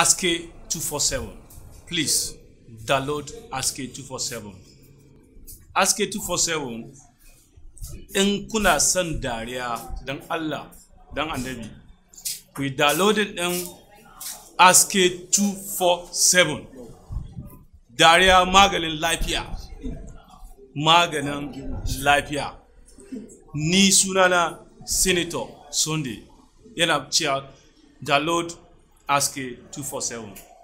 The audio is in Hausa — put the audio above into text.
ask 247. Please download ask 247. ask 247 in kuna son dariya don Allah don annabi ku yi downloading ɗin ask 247 dariya maganin lafiya maganin lafiya ni sunana senator sunday yana cewa download ask 247